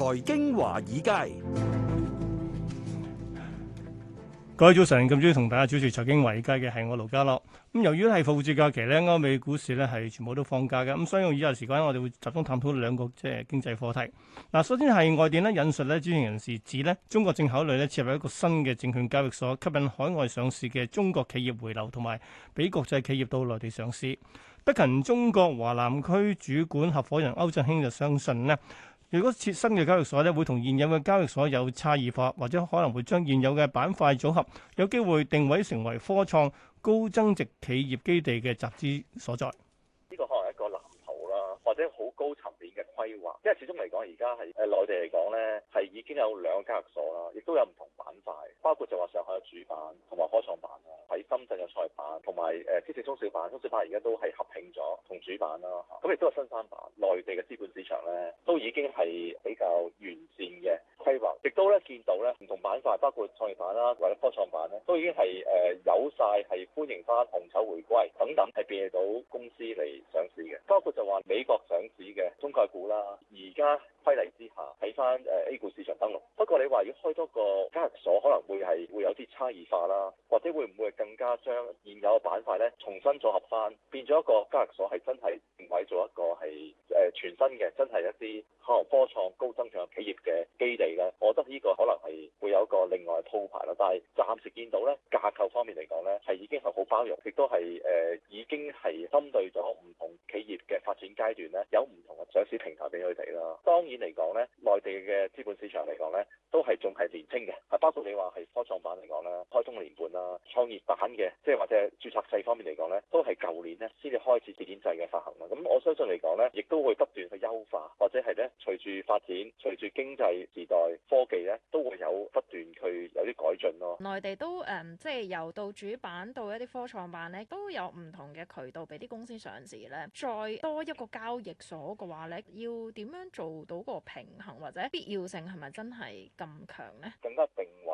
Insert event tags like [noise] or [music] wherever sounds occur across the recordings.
財經華爾街，各位早晨，咁早同大家主持財經華爾街嘅係我盧家樂。咁由於係放住假期咧，復活節假期，咁歐美股市咧係全部都放假嘅，咁所以用以下時間我哋會集中探討兩個即係經濟課題。嗱，首先係外電咧引述咧，知情人士指咧，中國正考慮咧設立一個新嘅證券交易所，吸引海外上市嘅中國企業回流，同埋俾國際企業到內地上市。德勤中國華南區主管合伙人歐振興就相信呢。如果設新嘅交易所咧，會同現有嘅交易所有差異化，或者可能會將現有嘅板塊組合，有機會定位成為科創高增值企業基地嘅集資所在。呢個可能係一個藍圖啦，或者好高層面嘅規劃。因為始終嚟講，而家係誒內地嚟講咧，係已經有兩個交易所啦，亦都有唔同板塊，包括就話上海嘅主板同埋科創板啦。啲市中小板、中小板而家都係合併咗同主板啦，咁亦都係新三板。內地嘅資本市場咧，都已經係比較完善嘅規劃，亦都咧見到咧唔同板塊，包括創業板啦或者科創板咧，都已經係誒、呃、有晒係歡迎翻紅籌回歸等等係變到公司嚟上市嘅，包括就話美國上市嘅中概股啦，而家。規例之下，睇翻誒 A 股市場登陸。不過你話要開多個交易所，可能會係會有啲差異化啦，或者會唔會更加將現有嘅板塊咧重新組合翻，變咗一個交易所係真係定位做一個係誒、呃、全新嘅，真係一啲可能科創高增長企業嘅基地嘅。我覺得呢個可能係會有一個另外鋪排啦。但係暫時見到呢，架構方面嚟講呢，係已經係好包容，亦都係誒、呃、已經係針對咗唔同企業嘅發展階段呢。有唔。平台俾佢哋啦。當然嚟講咧，內地嘅資本市場嚟講咧，都係仲係年青嘅。啊，包括你話係科創板嚟講啦，開通年半啦，創業板嘅。都誒、嗯、即係由到主板到一啲科創板咧，都有唔同嘅渠道俾啲公司上市咧。再多一個交易所嘅話咧，要點樣做到個平衡或者必要性係咪真係咁強咧？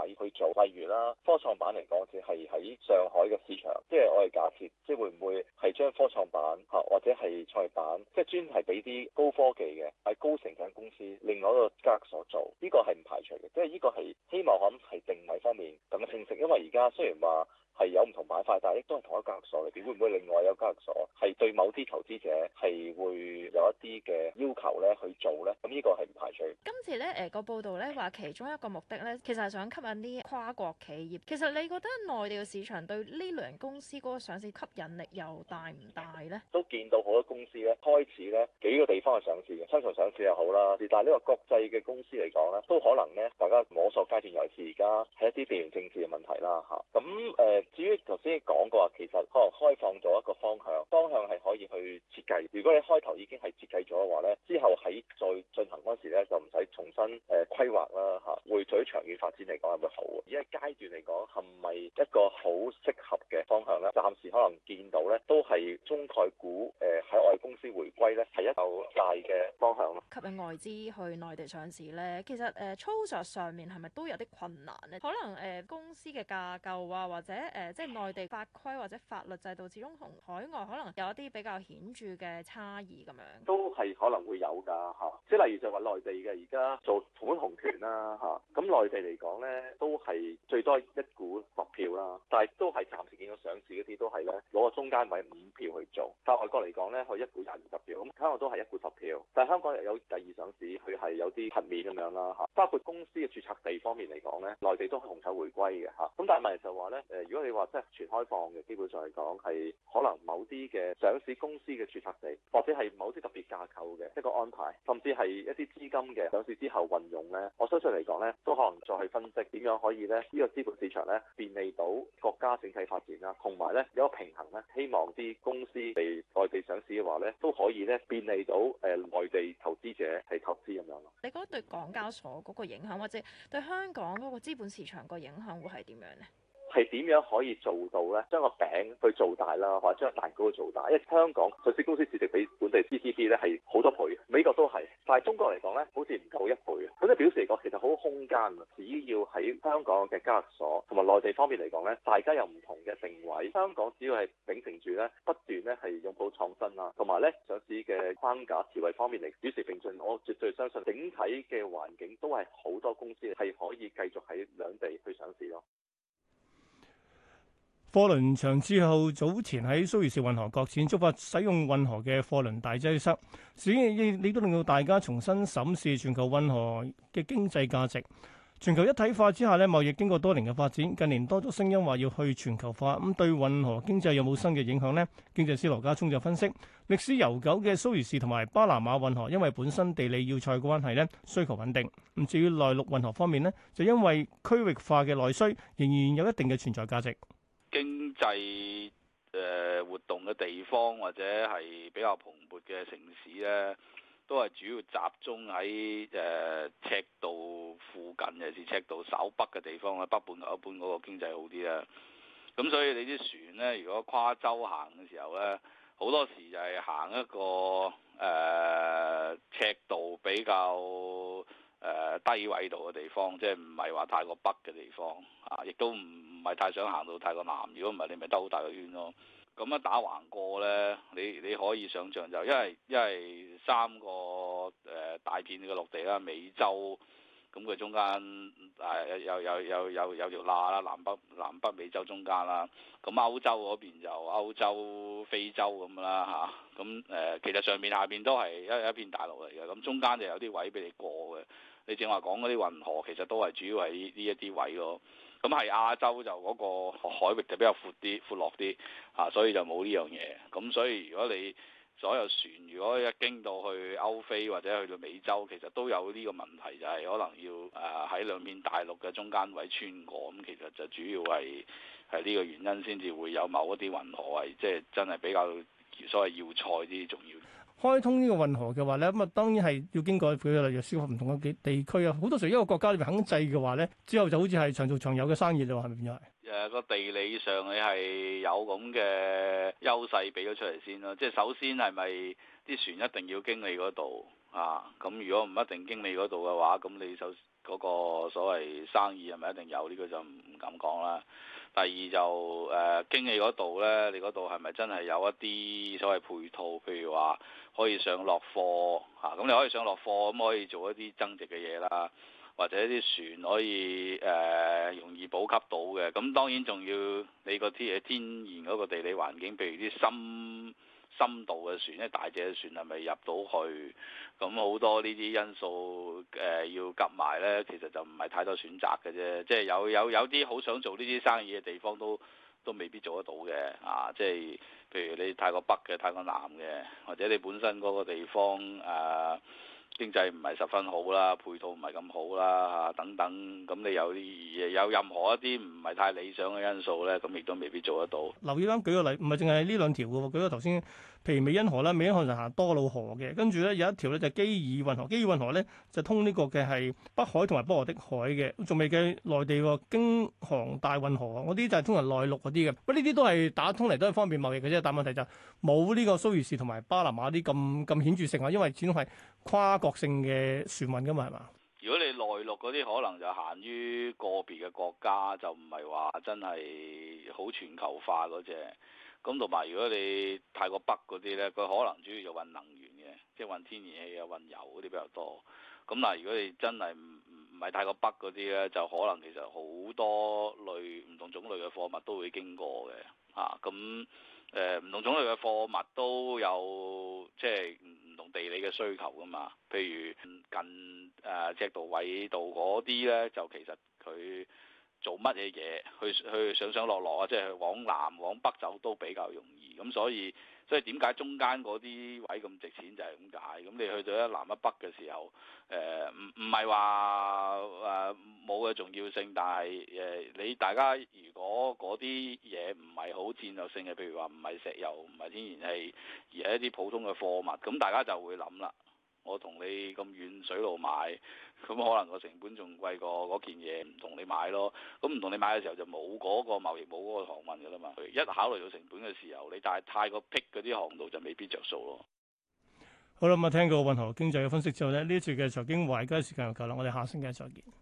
你去做，例如啦，科創板嚟講，即係喺上海嘅市場，即係我哋假設，即係會唔會係將科創板嚇或者係創業板，即係專係俾啲高科技嘅、係高成長公司，另外一個格所做，呢個係唔排除嘅，即係呢個係希望咁係定位方面更加清晰，正正因為而家雖然話。係有唔同買法，但係亦都係同一間交易所嚟。點會唔會另外有間交易所係對某啲投資者係會有一啲嘅要求咧去做咧？咁呢個係唔排除。今次咧誒個報道咧話，其中一個目的咧，其實係想吸引啲跨國企業。其實你覺得內地嘅市場對呢兩公司嗰個上市吸引力又大唔大咧？都見到好多公司咧開始咧幾個地方嘅上市嘅，香港上，上市又好啦。但係呢個國際嘅公司嚟講咧，都可能咧大家摸索階段，尤其是而家喺一啲地緣政治嘅問題啦吓咁誒。至於頭先講嘅話，其實可能開放咗一個方向，方向係可以去設計。如果你開頭已經係設計咗嘅話咧，之後喺再進行嗰時咧，就唔使重新誒規劃啦，嚇、呃。會對於長遠發展嚟講係會好嘅，而一階段嚟講係咪一個好適合嘅方向咧？暫時可能見到咧，都係中概股誒喺、呃、外公司回歸咧係一嚿大嘅方向咯。吸引外資去內地上市咧，其實誒、呃、操作上面係咪都有啲困難咧？可能誒、呃、公司嘅架構啊，或者誒、呃，即係內地法規或者法律制度，始終同海外可能有一啲比較顯著嘅差異咁樣。都係可能會有㗎嚇，即係例如就話內地嘅而家做同股不同權啦嚇，咁 [laughs] 內地嚟講咧都係最多一股十票啦，但係都係暫時見到上市嗰啲都係咧攞個中間位五票去做，但係外國嚟講咧佢一股廿二,二十票，咁香港都係一股十票，但係香港有第二上市佢係有啲豁免咁樣啦嚇，包括公司嘅註冊地方面嚟講咧，內地都係紅籌回歸嘅嚇。咁但係問題就話咧誒，如果你話即係全開放嘅，基本上嚟講係可能某啲嘅上市公司嘅註冊地，或者係某啲特別架構嘅一個安排，甚至係一啲資金嘅上市之後運用咧。我相信嚟講咧，都可能再去分析點樣可以咧，呢個資本市場咧，便利到國家整體發展啦，同埋咧有個平衡咧。希望啲公司被內地上市嘅話咧，都可以咧便利到誒內地投資者係投資咁樣咯。你覺得對港交所嗰個影響，或者對香港嗰個資本市場個影響會係點樣咧？係點樣可以做到咧？將個餅去做大啦，或者將蛋糕去做大。因為香港上市公司市值比本地 GDP 咧係好多倍，美國都係，但係中國嚟講呢，好似唔夠一倍。咁即表示嚟講，其實好空間啊！只要喺香港嘅交易所同埋內地方面嚟講呢，大家有唔同嘅定位。香港只要係秉承住呢，不斷呢係擁抱創新啦，同埋呢上市嘅框架、智慧方面嚟與時並進，我絕對相信整體嘅環境都係好多公司係可以繼續喺兩地去上市咯。貨輪長之後，早前喺蘇伊士運河擱淺，觸發使用運河嘅貨輪大擠塞。亦亦都令到大家重新審視全球運河嘅經濟價值。全球一體化之下呢，貿易經過多年嘅發展，近年多咗聲音話要去全球化。咁對運河經濟有冇新嘅影響呢？經濟師羅家聰就分析，歷史悠久嘅蘇伊士同埋巴拿馬運河，因為本身地理要塞嘅關係咧，需求穩定。唔至於內陸運河方面呢就因為區域化嘅內需，仍然有一定嘅存在價值。經濟誒、呃、活動嘅地方或者係比較蓬勃嘅城市呢，都係主要集中喺誒赤道附近，尤其是赤道稍北嘅地方啦。北半球一般嗰個經濟好啲啦。咁所以你啲船呢，如果跨洲行嘅時候呢，好多時就係行一個誒赤道比較。誒、呃、低緯度嘅地方，即係唔係話太過北嘅地方啊，亦都唔唔係太想行到太過南，如果唔係你咪兜大個圈咯。咁、嗯、啊打橫過呢，你你可以想象就，因為因為三個誒、呃、大片嘅陸地啦，美洲。咁佢中間誒、啊、有有有有有條罅啦，南北南北美洲中間啦，咁歐洲嗰邊就歐洲非洲咁啦嚇，咁、啊、誒、呃、其實上面下邊都係一一片大陸嚟嘅。咁中間就有啲位俾你過嘅，你正話講嗰啲運河其實都係主要係呢一啲位咯，咁係亞洲就嗰個海域就比較闊啲、闊落啲嚇、啊，所以就冇呢樣嘢，咁所以如果你所有船如果一經到去歐非或者去到美洲，其實都有呢個問題，就係、是、可能要誒喺兩邊大陸嘅中間位穿過，咁其實就主要係係呢個原因先至會有某一啲運河係即係真係比較所謂要塞啲重要。開通呢個運河嘅話咧，咁啊當然係要經過佢嘅，例如涉及唔同嘅地地區啊，好多時候一個國家裏邊肯制嘅話咧，之後就好似係長做長有嘅生意啦，係咪先啊？誒個地理上你係有咁嘅優勢俾咗出嚟先咯，即係首先係咪啲船一定要經你嗰度啊？咁如果唔一定經你嗰度嘅話，咁你首嗰個所謂生意係咪一定有？呢個就唔敢講啦。第二就誒、啊、經你嗰度呢，你嗰度係咪真係有一啲所謂配套？譬如話可以上落貨啊，咁你可以上落貨，咁可以做一啲增值嘅嘢啦。或者啲船可以誒、呃、容易補給到嘅，咁當然仲要你嗰啲天然嗰個地理環境，譬如啲深深度嘅船，啲大隻嘅船係咪入到去？咁好多呢啲因素誒、呃、要夾埋呢，其實就唔係太多選擇嘅啫。即係有有有啲好想做呢啲生意嘅地方都都未必做得到嘅啊！即係譬如你太過北嘅，太過南嘅，或者你本身嗰個地方啊～、呃經濟唔係十分好啦，配套唔係咁好啦嚇等等，咁你有啲有任何一啲唔係太理想嘅因素咧，咁亦都未必做得到。留意啦，舉個例，唔係淨係呢兩條嘅喎，舉個頭先，譬如美茵河啦，美茵河就行多瑙河嘅，跟住咧有一條咧就基爾運河，基爾運河咧就通呢個嘅係北海同埋波羅的海嘅，仲未計內地喎，京杭大運河啊，啲就係通入內陸嗰啲嘅，不過呢啲都係打通嚟都係方便貿易嘅啫，但問題就冇呢個蘇伊士同埋巴拿馬啲咁咁顯著性啊，因為始終係跨。國性嘅船運噶嘛，係嘛？如果你內陸嗰啲可能就限於個別嘅國家，就唔係話真係好全球化嗰隻。咁同埋如果你太過北嗰啲呢，佢可能主要就運能源嘅，即係運天然氣啊、運油嗰啲比較多。咁但係，如果你真係唔唔唔係太過北嗰啲呢，就可能其實好多類唔同種類嘅貨物都會經過嘅。吓、啊、咁，誒、呃、唔同種類嘅貨物都有即係。地理嘅需求噶嘛，譬如近誒、呃、赤道緯度嗰啲咧，就其實佢做乜嘢嘢，去去上上落落啊，即係往南往北走都比較容易，咁所以。所以點解中間嗰啲位咁值錢就係咁解。咁你去到一南一北嘅時候，誒唔唔係話誒冇嘅重要性，但係誒、呃、你大家如果嗰啲嘢唔係好戰略性嘅，譬如話唔係石油、唔係天然氣，而係一啲普通嘅貨物，咁大家就會諗啦。我同你咁遠水路買，咁可能個成本仲貴過嗰件嘢，唔同你買咯。咁唔同你買嘅時候就冇嗰個貿易，冇嗰個航運噶啦嘛。佢一考慮到成本嘅時候，你但係太過逼嗰啲航道就未必着數咯。好啦，咁啊，聽過運河經濟嘅分析之後呢，呢次嘅財經華爾街時間又嚟啦，我哋下星期再見。